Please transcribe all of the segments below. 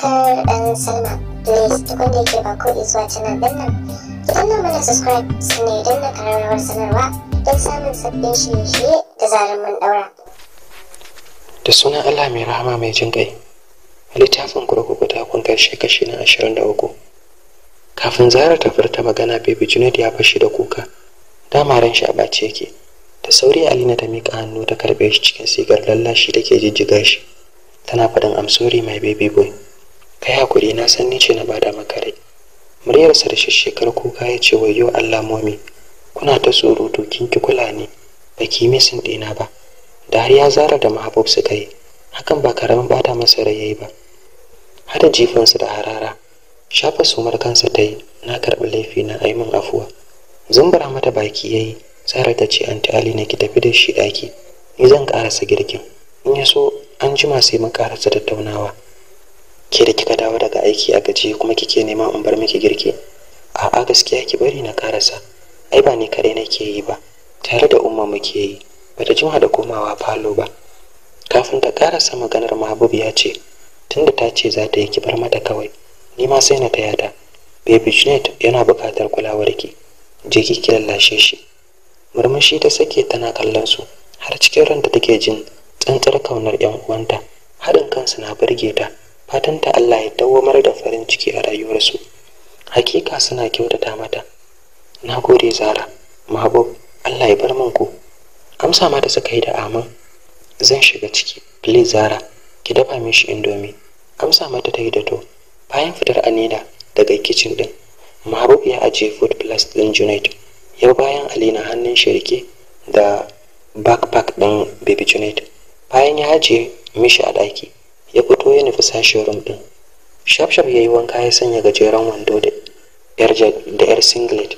subscribe and sign up. Please tukun da yake ba ko zuwa canal din nan. Ki danna mana subscribe sannan ya danna kararrawar sanarwa don samun sabbin shirye-shirye da zarar mun daura. Da sunan Allah mai rahama mai jin kai. Littafin kurkuku ta kun karshe kashi na ashirin da uku. Kafin Zara ta furta magana Baby Junaid ya fashi da kuka. Dama ran shi a bace yake. Da sauri Alina ta miƙa hannu ta karɓe shi cikin sigar lallashi da ke jijjiga shi. tana faɗin amsori mai baby boy kai hakuri na san ni ce na bada maka rai muryarsa da shishshekar kuka ya ce wayo Allah momi kuna ta surutu kin ki kula ne ba ki misin ɗina ba da har ya zara da mahabub suka yi hakan ba karamin bata masa rai yayi ba hada jifansu da harara shafa mar kansa ta yi na karɓi laifi na aimin afuwa zumbura mata baki yayi yi ta ce anti ali ne ki tafi da shi ɗaki ni zan ƙarasa girkin in ya so an jima sai mun sa tattaunawa ke da kika dawo daga aiki a gaji kuma kike nema in bar miki girki a'a gaskiya ki bari na karasa ai ba ni kare nake yi ba tare da umma muke yi bata jima da komawa falo ba kafin ta karasa maganar mahabub ya ce tunda ta ce za ta yi ki bar mata kawai ni ma sai na taya ta baby junet yana buƙatar kulawarki je ki ki lallashe shi murmushi ta sake tana kallon su har cikin ranta take jin tsantsar kaunar yan uwanta haɗin kansu na burge ta fatanta Allah ya dawwamar da farin ciki a rayuwarsu hakika suna kyautata mata na gode zara mahbub Allah ya bar min ku amsa mata suka yi da amin zan shiga ciki please zara ki dafa mishi indomi amsa mata ta yi da to bayan fitar anila daga kicin din mahbub ya ajiye food plus din junait yau bayan alina hannun shirke da backpack din baby Junait, bayan ya ajiye mishi a ɗaki ya fito ya nufi sashen rum ɗin shafshaf ya yi wanka ya sanya gajeren wando da yar singlet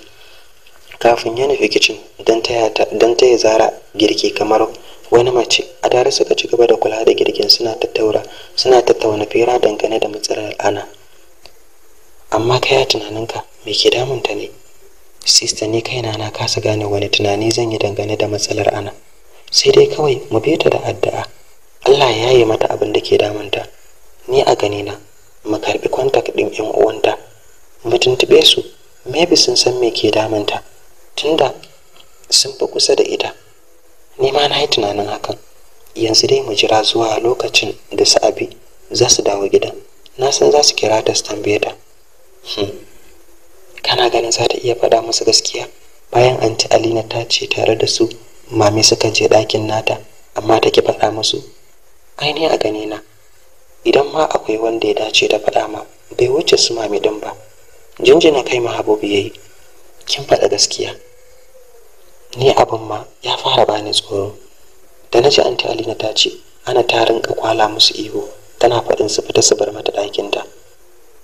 kafin ya nufi kicin don ta taya zara girki kamar wani mace a tare suka ci gaba da kula da girkin suna tattaura suna tattauna fera dangane da matsalar ana amma ka ya tunaninka me ke damunta ne sista ni kaina na kasa gane wani tunani zan yi dangane da matsalar ana sai dai kawai mu ta da addu'a Allah ya yi mata abin da ke damunta ni a ganina mu karɓi kwantak ɗin 'yan uwanta mu tuntuɓe su maybe sun san me ke damunta tunda sun fi kusa da ita ni ma na yi tunanin hakan yanzu dai mu jira zuwa lokacin da sa'abi za su dawo gida na san za su kira ta su tambaye ta hmm. kana ganin za ta iya faɗa musu gaskiya bayan anti alina ta ce tare da su mami suka je ɗakin nata amma ta ki faɗa musu ai ne a na idan ma akwai wanda ya dace da faɗa ma bai wuce su mami din ba jinjina kai habobi yayi kin faɗa gaskiya ni abin ma ya fara bani tsoro da na ji anti alina ta ce ana ta tarin kwala musu ihu tana faɗin su fita su bar mata ɗakinta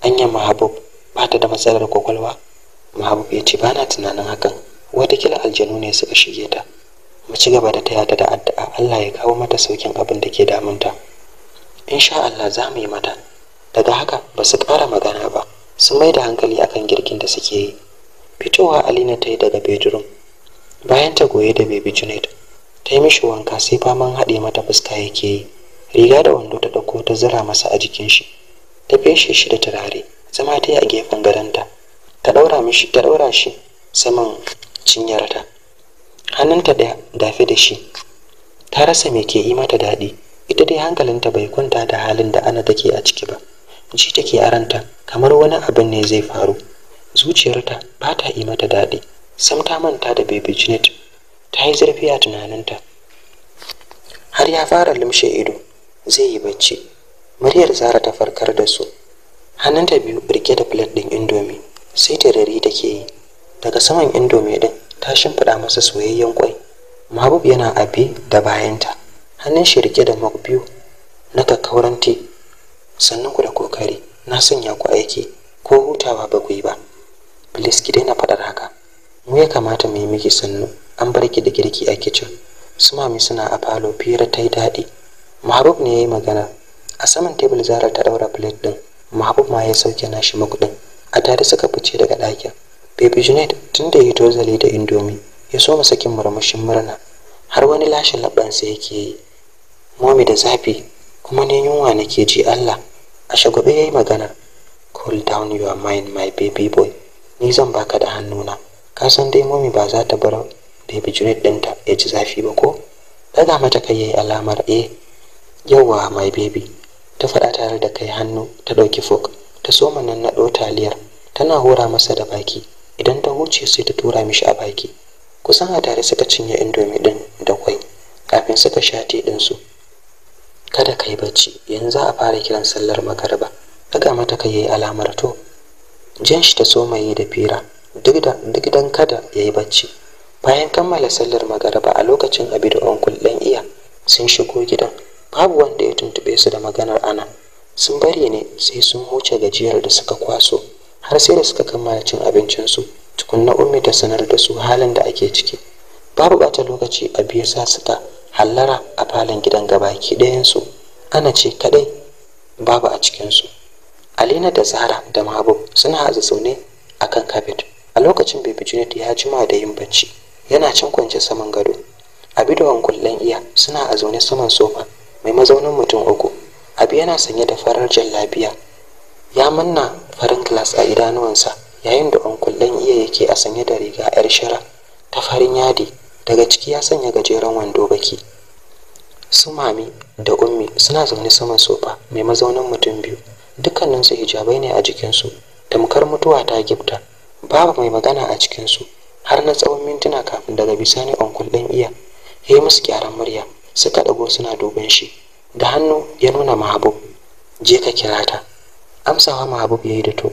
anya mahabub ba ta da matsalar kwakwalwa mahabub ya ce ba na tunanin hakan kila aljanu ne suka shige ta mu ci gaba da taya ta da addu'a Allah ya kawo mata saukin abin da ke damunta insha Allah za mu yi mata daga haka ba su ƙara magana ba sun mai da hankali akan girkin da suke yi fitowa Alina ta yi daga bedroom bayan ta goye da baby Junaid ta yi mishi wanka sai faman haɗe mata fuska yake yi riga da wando ta ɗauko ta zura masa a jikin shi ta feshe shi da turare zama ta yi a gefen gadonta ta ɗaura mishi ta ɗaura shi saman cinyarta hannunta ɗaya dafe da shi ta rasa me ke yi mata daɗi ita dai hankalinta bai kwanta da halin da ana take a ciki ba ji take aranta kamar wani abin ne zai faru zuciyarta ba ta yi mata daɗi sam ta manta da baby janet ta yi zurfi a tunaninta har ya fara limshe ido zai yi bacci muryar zara ta farkar da su hannunta biyu rike da plate ɗin indomie sai tarari take yi daga saman indomie ɗin ta shimfiɗa masa soyayyen kwai mahbub yana abe da bayanta hannun shi rike da mok biyu na kakkauran sannan ku da kokari na sanya ku aiki ko hutawa ba ku yi ba please ki daina faɗar haka mu ya kamata mu yi miki sannu an bar ki da girki a kicin su mami suna a falo fira ta yi daɗi mahbub ne ya yi magana a saman tebul zarar ta ɗaura plate ɗin mahbub ma ya sauke nashi makuɗin a tare suka fice daga ɗakin baby junaid tun da ya tozali da indomi ya soma sakin murmushin murna har wani lashe labansa yake yi momi da zafi kuma ne yunwa nake ji Allah a shagube yayi magana cool down your mind my baby boy ni zan baka da hannuna ka san dai momi ba za ta bar baby junet dinta ya ji zafi ba ko daga mata kai yayi alamar eh yawa my baby ta faɗa tare da kai hannu ta ɗauki fok ta soma nan na taliyar tana hora masa da baki idan ta huce sai ta tura mishi a baki kusan a tare suka cinye indomi din da kwai kafin suka sha te su kada ka bacci yanzu za a fara kiran sallar magariba daga mata ka yi alamar to jan shi ta somaye da fira duk dan kada ya yi bacci bayan kammala sallar magariba a lokacin abidu onkul 'dan iya sun shigo gidan babu wanda ya tuntuɓe su da maganar ana sun bari ne sai sun huce gajiyar da suka kwaso har sai da suka kammala cin abincinsu tukunna ummi ta sanar da su halin da ake ciki babu bata lokaci a biyu sa suka hallara a falon gidan gaba gabaki ɗayansu ana ce kaɗai babu a cikinsu alina da zahra da mahabub suna haza zaune a kan kafet a lokacin baby junet ya jima da yin bacci yana cin kwance saman gado bidowan kullen iya suna a zaune saman sofa mai mazaunin mutum uku abi yana sanye da farar jallabiya ya manna farin glass a idanuwansa yayin da unkullen iya yake a sanye da riga yar shara ta farin yadi daga ciki ya sanya gajeren wando baki su mami da ummi suna zaune saman sofa mai mazaunin mutum biyu dukkaninsu hijabai ne a jikinsu tamkar mutuwa ta gifta babu mai magana a cikinsu har na tsawon mintuna kafin daga bisani onkul ɗan iya ya yi musu gyaran murya suka ɗago suna dogon shi da hannu ya nuna mahabub je ka kira ta amsawa mahabub ya yi da to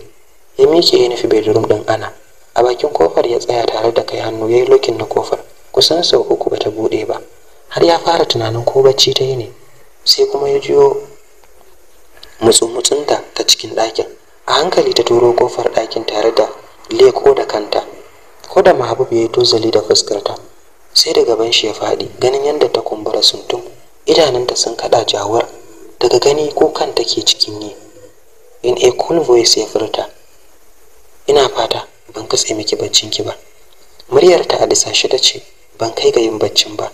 ya miƙe ya nufi bedroom ɗin ana a bakin kofar ya tsaya tare da kai hannu ya yi lokin na kofar kusan sau uku bata buɗe ba har ya fara tunanin ko bacci ta yi ne sai kuma ya jiyo mutsumutsunta ta cikin ɗakin a hankali ta turo kofar ɗakin tare da leko da kanta ko da mahabub ya yi tozali da fuskarta sai da gaban shi ya faɗi ganin yadda ta kumbura suntum idanunta sun kaɗa jawar daga gani ko kanta ke cikin yi in a cool voice ya furta ina fata ban katse miki ki ba muryar ta a disa ta ce ban kai ga yin baccin ba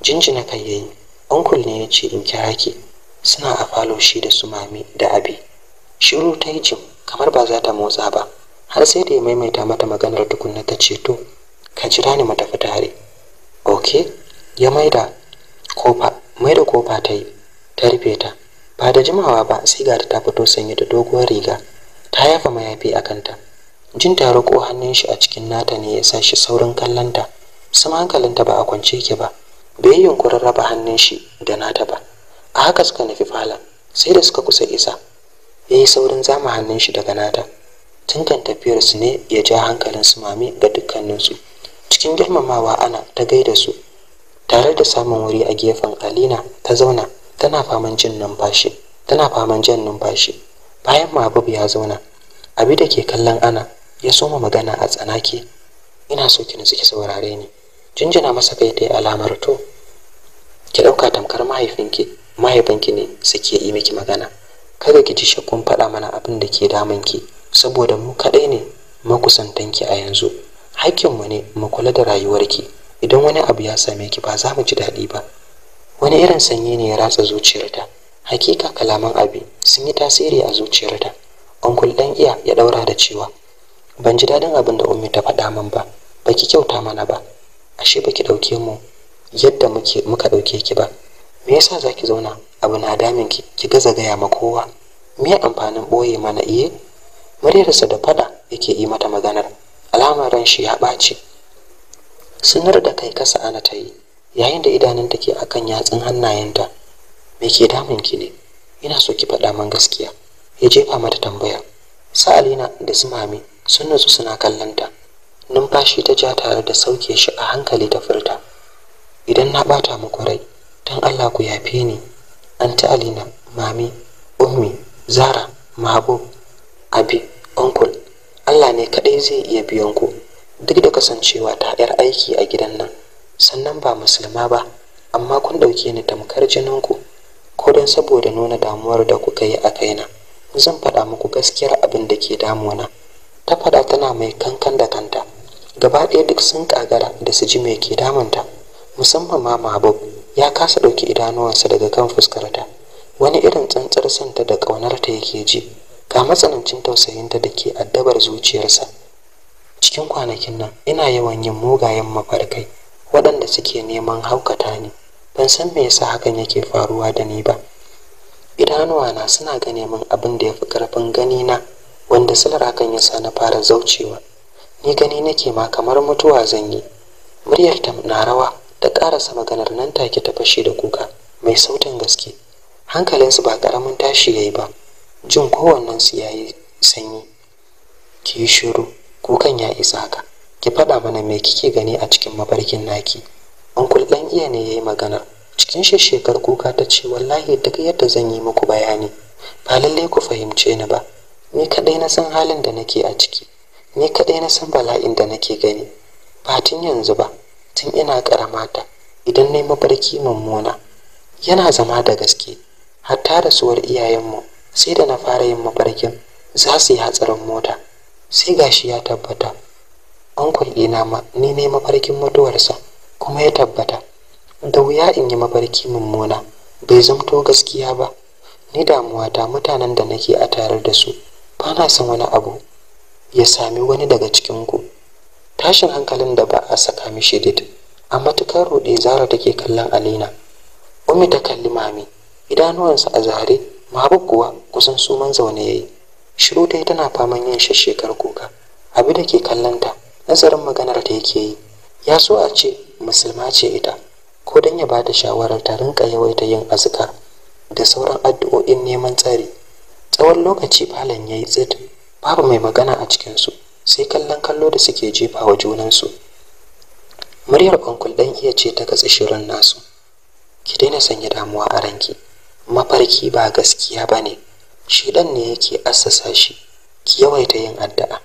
jinjina kai yayi onkul ne ya ce in kira ki suna a falo shi da su mami da abi shiru ta yi jim kamar ba za ta motsa ba har sai da ya maimaita mata maganar tukunna ta ce to ka jira ni mu tafi tare oke ya maida kofa maida kofa ta yi ta rufe ta ba da jimawa ba sai ga ta fito sanye da doguwar riga ta yafa mayafi a kanta jin ta ko hannun shi a cikin nata ne ya sa shi saurin kallonta sam hankalinta ba a kwance yake ba bai yi yunkurin raba hannun shi da nata ba a haka suka nufi falon sai da suka kusa isa ya yi saurin zama hannun shi daga nata tunkan su ne ya ja hankalin su mami ga dukkaninsu cikin girmamawa ana ta gaida su tare da samun wuri a gefen alina ta zauna tana faman jin numfashi tana faman jan numfashi bayan mabub ya zauna abi da ke kallon ana ya soma magana a tsanake ina so ki nutsu saurare ni jinjina masa kai ta alamar to ki ɗauka tamkar mahaifinki mahaifinki ne suke yi miki magana kada ki ji shakkun faɗa mana abin da ke ki, saboda mu kaɗai ne makusantanki a yanzu hakkinmu ne mu kula da rayuwarki idan wani abu ya same ki ba za mu ji daɗi ba wani irin sanyi ne ya ratsa zuciyarta hakika kalaman abi sun yi tasiri a zuciyarta onkul dan iya ya ɗaura da cewa ban ji daɗin abin da ummi ta faɗa min ba baki kyauta mana ba ashe baki ɗauke mu yadda muke muka ɗauke ki ba me yasa ki zauna abu na damin ki ki gaza gaya ma kowa me amfanin ɓoye mana iye eh? muryarsa da faɗa yake yi mata maganar alamar ran shi ya ɓaci sanar da kai kasa ana ta yi yayin da idanunta ke akan yatsun hannayenta me ke damun ki ne ina so ki faɗa min gaskiya ya jefa mata tambaya sa'alina da su mami sun nutsu suna kallon ta numfashi ta ja tare da sauke shi a hankali ta furta idan na bata muku rai dan Allah ku yafe ni anti alina mami ummi zara mabo abi onkul Allah ne kadai zai iya biyan ku duk da kasancewa ta yar aiki a gidan nan sannan ba musulma ba amma kun dauke ni tamkar jinin ku ko don saboda nuna damuwar da kuka yi a kaina zan faɗa muku gaskiyar abin da ke na? ta faɗa tana mai kankan da kanta gaba ɗaya duk sun ƙagara da su ji mai ke damunta musamman ma mahabub ya kasa ɗauki idanuwansa daga kan fuskarta wani irin tsantsar santa da ƙaunarta yake ji ga matsanancin tausayinta da ke addabar zuciyarsa cikin kwanakin nan ina yawan yin mugayen mafarkai waɗanda suke neman haukata ni ban san me yasa hakan yake faruwa da ni ba idanuwana suna gane min abin da ya fi ƙarfin ganina wanda silar hakan ya sa na fara zaucewa ni gani nake ma kamar mutuwa zan yi muryar ta na rawa ta ƙarasa maganar nan take ta fashe da kuka mai sautin gaske hankalinsu ba ƙaramin tashi ya yi ba jin su ya yi sanyi ki yi shiru kukan ya isa haka ki faɗa mana me kike gani a cikin mafarkin naki Ankul ɗan iya ne ya yi maganar cikin shi shekar kuka ta ce wallahi duk yadda zan yi muku bayani ba lallai ku fahimce ni ba ni kaɗai na san halin da nake a ciki ni kaɗai na san bala'in da nake gani ba tun yanzu ba tun ina ƙaramata idan nayi mafarki mummuna yana zama da gaske hatta rasuwar iyayenmu sai da na fara yin mafarkin za su yi hatsarin mota sai gashi ya tabbata An ɗina ma ni ne mafarkin mutuwarsa kuma ya tabbata da wuya in yi mafarki mummuna bai zamto gaskiya ba ni damuwa ta mutanen da nake a tare da su ana son wani abu ya sami wani daga cikin ku tashin hankalin da ba a saka mishi dit. a matukar ruɗe zara take kallon alina umi ta kalli mami idanuwansa a zare mahabub kuwa kusan suman zaune yayi shiru dai tana faman yin shashekar kuka abu da ke kallonta nazarin maganar ta yake yi ya so a ce musulma ce ita ko don ya bada shawarar ta rinka yawaita yin azkar da sauran addu'o'in neman tsari tsawon lokaci falon ya yi tsit babu mai magana a cikinsu sai kallon kallo da suke jefa wa junansu muryar onkul ɗan iya ce ta gatsi shirin nasu ki daina sanya damuwa a ranki mafarki ba gaskiya ba ne shi ɗan ne yake assasa shi ki yawaita yin addu'a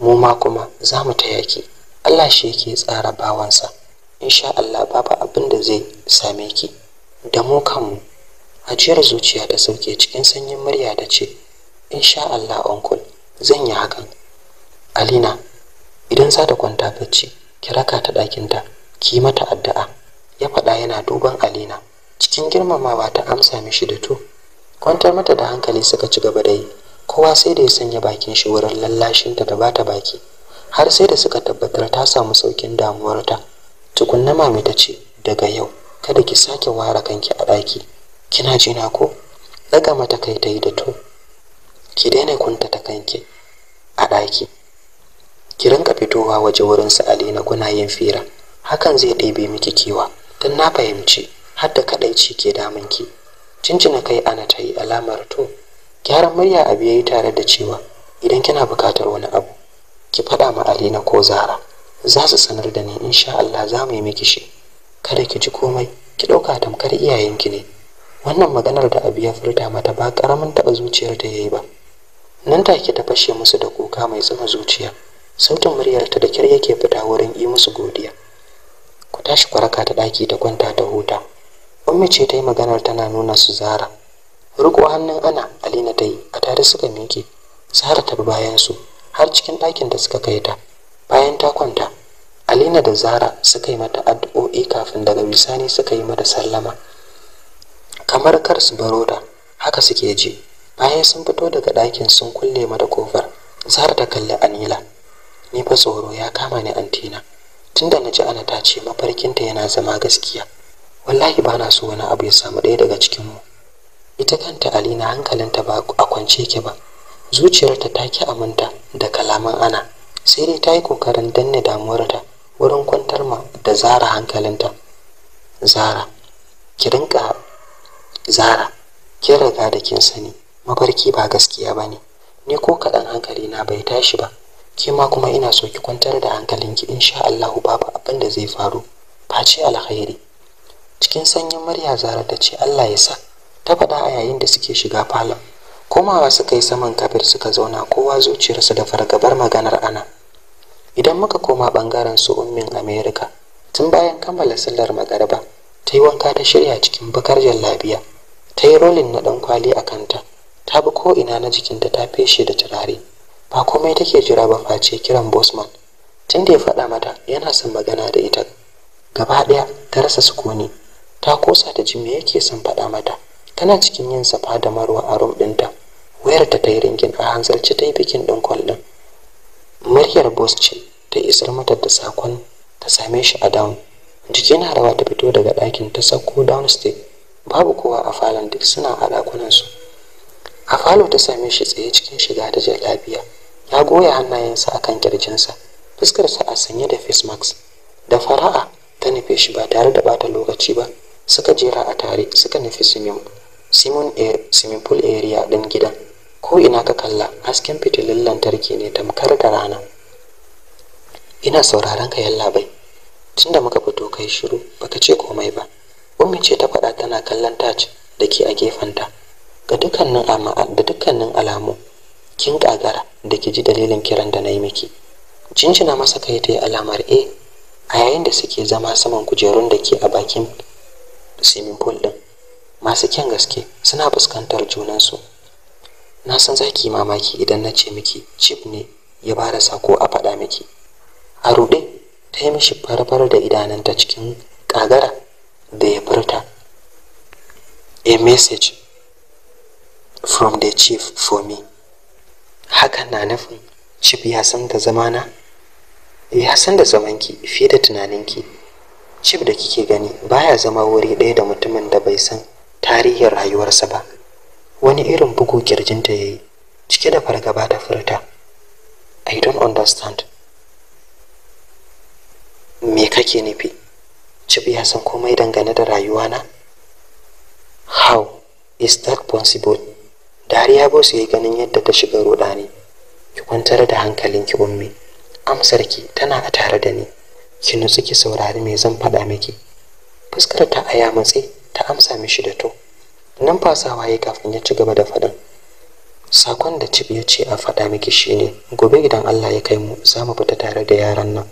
mu ma kuma za mu taya ki Allah shi yake tsara bawansa insha Allah babu abin da zai same ki da mu kanmu ajiyar zuciya ta sauke cikin sanyin murya da ce insha Allah uncle zan yi hakan alina idan za ta kwanta bacci ki raka ta ɗakinta ki mata addu'a ya faɗa yana duban alina cikin girmamawa ta amsa mishi da to kwantar mata da hankali suka ci gaba da yi kowa sai da ya sanya bakin shi wurin lallashin ta da bata baki har sai da suka tabbatar ta samu saukin damuwarta tukunna mami ta ce daga yau kada ki sake ware kanki a ɗaki kina jina ko daga mata kai ta yi da to ki daina kunta ta kanki a ɗaki ki rinka fitowa waje wurin su alina kuna yin fira hakan zai ɗebe miki kiwa. don na fahimci har da kadaici ke damun ki cincina kai ana ta yi alamar to gyaran murya abu yayi tare da cewa idan kina buƙatar wani abu ki faɗa ma alina ko zara za su sanar da ni insha Allah za mu yi miki shi kada ki ji komai ki ɗauka tamkar iyayenki ne wannan maganar da abu ya furta mata ba karamin taɓa zuciyar ta yayi ba nan take ta fashe musu da kuka mai tsuma zuciya sautin muryarta da kyar yake fita wurin yi musu godiya ku tashi kwaraka ta daki ta kwanta ta huta ummi ce ta yi maganar tana nuna su zara riko hannun ana alina ta yi a tare suka miƙe zara ta bi bayan su har cikin ɗakin da suka kai ta bayan ta kwanta alina da zara suka yi mata addu'o'i kafin daga bisani suka yi mata sallama kamar kar su baro ta haka suke ji bayan sun fito daga ɗakin sun kulle mata kofar zahar ta kalli anila ni fa tsoro ya kama ni antina tunda na ji ana ta ce mafarkinta yana zama gaskiya wallahi ba na so wani abu ya samu ɗaya daga cikinmu ita kanta alina hankalinta ba a kwance ki ba zuciyarta ta ki aminta da kalaman ana sai dai ta yi kokarin danne damuwarta wurin kwantar ma da zara hankalinta zara ki rinka zara kin riga da kin sani mafarki ba gaskiya ba ne ni ko kaɗan hankali na bai tashi ba ke ma kuma ina so ki kwantar da hankalinki insha Allahu, babu abin da zai faru face alkhairi cikin sanyin murya zara ta ce Allah ya sa ta faɗa a yayin da suke shiga falon komawa suka yi saman kabir suka zauna kowa zuciyarsa da fargabar maganar ana idan muka koma ɓangaren su ummin amerika tun bayan kammala sallar magariba ta yi wanka ta shirya cikin bakar jallabiya ta yi rolin na ɗan kwali a kanta ta bi ko'ina na jikinta ta feshe da turare ba komai take jira ba face kiran bosman tun da ya faɗa mata yana son magana da ita gaba ɗaya ta rasa sukuni ta kosa ta ji me yake son faɗa mata tana cikin yin safa da marwa a rum ɗinta wayar ta ta yi ringin a hanzarci ta yi bikin ɗin kwal muryar bos ce ta isar mata da sakon ta same shi a down jiki na rawa ta fito daga ɗakin ta sauko downstairs babu kowa a falon duk suna a ɗakunansu a falo ta same shi tsaye cikin shiga ta jallabiya ya goya hannayensa a kan kirjinsa fuskarsa a sanye da face mask da fara'a ta nufe shi ba tare da bata lokaci ba suka jera a tare suka nufi swimming pool area ɗin gidan ko ina ka kalla hasken fitilun lantarki ne tamkar da rana ina sauraron ka yalla bai tunda muka fito kai shiru baka ce komai ba Umi ce ta faɗa tana kallon taj da ke a gefenta ga dukkanin da dukkanin alamu kin kagara da ki ji dalilin kiran da na yi miki jinjina masa kai ta yi alamar a eh, a yayin da suke zama saman kujerun da ke a bakin simin pool ɗin, masu kyan gaske suna fuskantar junansu na san za ki mamaki idan na ce miki chip ne ya ba da sako a faɗa miki a ruɗe ta yi mishi farfar da idanunta cikin ƙagara da ya furta a message from the chief for me hakan na nufin chief ya san da zamana ya san da zamanki fiye da tunaninki chief da kike gani baya zama wuri ɗaya da mutumin da bai san tarihin rayuwarsa ba wani irin bugu kirjinta ya yi cike da fargaba da furta i don't understand me kake nufi Chibi ya san komai dangane da rayuwana? How is that possible? Dariya boss ya yi ganin yadda ta shiga rudani. Ki kwantar da hankalinki ummi. Amsarki tana a tare da ni. Ki nutsu ki saurari me zan faɗa miki. Fuskar ta aya matse ta amsa mishi da to. Nan fasawa ya kafin ya ci gaba da faɗin. Sakon da cib ya ce a faɗa miki shine gobe idan Allah ya kai mu za mu fita tare da yaran nan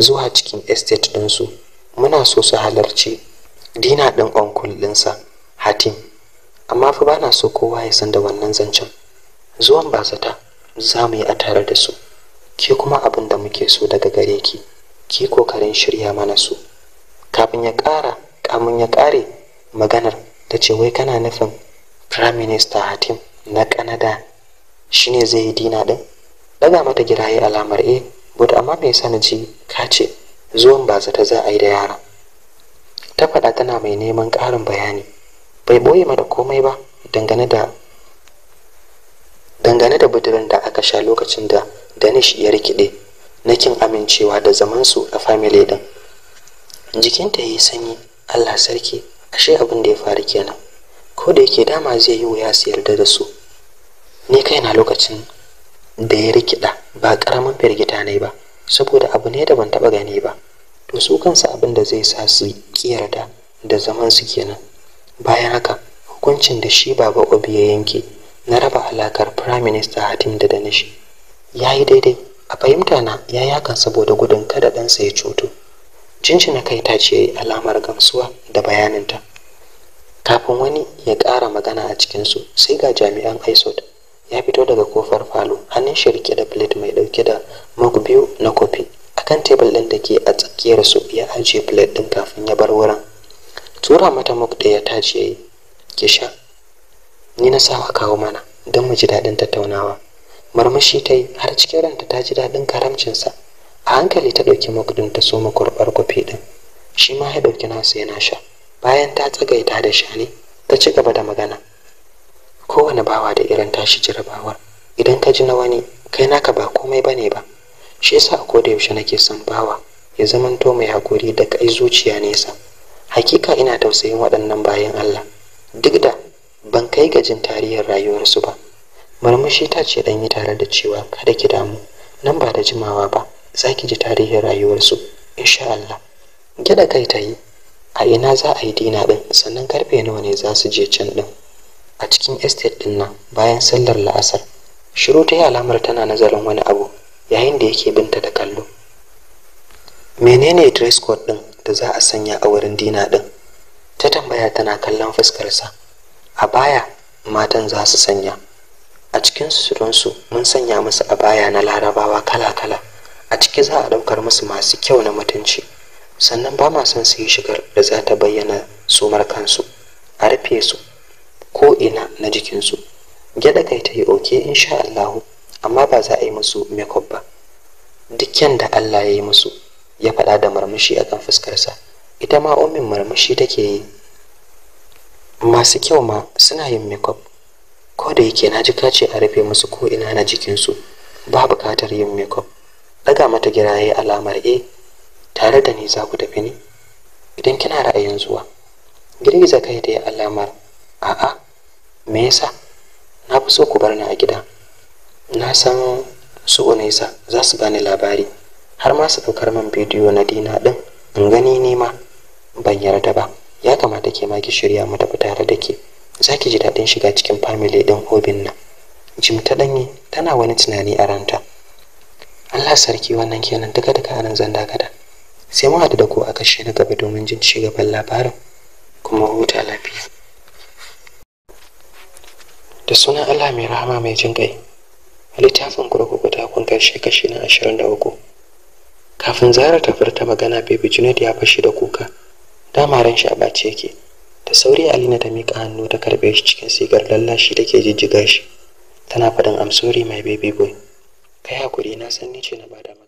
zuwa cikin estate ɗinsu muna so su halarci dina ɗin onkul ɗinsa hatim amma fa bana so kowa ya san da wannan zancen zuwan ba zata za mu yi a tare da su ke kuma abin da muke so daga gare ki ki kokarin shirya mana su kafin ya ƙara kamun ya ƙare maganar da ce wai kana nufin prime minister hatim na kanada shine zai yi dina ɗin daga mata giraye alamar e but amma mai yasa ka ce zuwan ba zata za a yi da yara. ta faɗa tana mai neman ƙarin bayani bai ɓoye mata komai ba dangane da dangane da da aka sha lokacin da danish ya rikide na kin amincewa da zamansu a family din jikinta ya yi sanyi allah sarki ashe abin da ya faru kenan ko da yake dama zai yi wuya su yarda da su ni kaina lokacin da ya rikida ba ƙaramin firgita ne ba saboda abu ne da ban taɓa gani ba to su kansu abin da zai sa su yarda da zaman su kenan bayan haka hukuncin da shi baba obi ya yanke na raba alakar prime minister hatim da danishi ya yi daidai a fahimta na ya yakan saboda gudun kada ɗansa ya cutu na kai ta ce alamar gamsuwa da bayaninta kafin wani ya ƙara magana a cikinsu sai ga jami'an isod ya fito daga kofar falo hannun shi rike da plate mai dauke da mug biyu na kofi akan tebul din da ke a tsakiyar su ya ajiye plate din kafin ya bar wurin tura mata mug ɗaya ta ce ki sha ni na sawa kawo mana don mu ji daɗin tattaunawa marmashi ta yi har cikin ranta ta ji daɗin karamcinsa a hankali ta ɗauki mug din ta soma kurɓar kofi ɗin shi ma ya ɗauki nasu yana sha bayan ta tsagaita da shani, ta ci gaba da magana kowane bawa da irin tashi jarabawar idan ka ji na wani kai naka ba komai bane ba shi yasa a koda yaushe nake son bawa ya to mai hakuri da kai zuciya nesa hakika ina tausayin waɗannan bayan Allah duk da ban kai gajin tarihin rayuwarsu ba murmushi ta ce yi tare da cewa kada ki damu nan ba da jimawa ba za ki ji tarihin rayuwarsu insha Allah gyaɗa kai ta yi a ina za a yi dina ɗin sannan karfe nawa ne za su je can ɗin a cikin estate din nan bayan sallar la'asar shiru ta yi alamar tana nazarin wani abu yayin da yake binta da kallo menene dress code din da za a sanya a wurin dina din ta tambaya tana kallon fuskarsa a baya matan za su sanya a cikin su mun sanya musu a baya na larabawa kala-kala a ciki za a ɗaukar musu masu kyau na mutunci sannan ba ma son su yi shigar da za ta bayyana sumar kansu a rufe su ko ina na jikinsu gyaɗa kai ta yi oke sha Allahu amma ba za a yi musu makeup ba dukkan da Allah ya yi musu ya faɗa da marmashi akan fuskarsa ita ma omin marmashi take yi masu kyau ma suna yin makeup ko da yake na ji kace a rufe musu ko ina na jikinsu ba buƙatar yin makeup daga mata giraye alamar e tare da ni za ku tafi ne idan kina ra'ayin zuwa girgiza kai da alamar a'a me yasa na fi so ku bar ni a gida na san su unaisa za su bani labari har ma su ɗaukar man bidiyo na dina ɗin in gani ni ma ban yarda ba ya kamata ke ma ki shirya mu tafi tare da ke za ki ji daɗin shiga cikin famili ɗin hobin nan jim ta ɗanye tana wani tunani a ranta allah sarki wannan kenan duka duka anan zan dakata sai mu haɗu da ku a kashe na gaba domin jin ci gaban labarin kuma huta lafiya da sunan Allah mai rahama mai jin kai a littafin kurkuku ta kun karshe kashi na ashirin da uku kafin zara ta furta magana baby junet ya fashi da kuka dama ran shi a bace yake da sauri alina ta mika hannu ta karɓe shi cikin sigar lallashi da ke jijjiga shi tana faɗin amsori mai baby boy kai hakuri na san ni ce na bada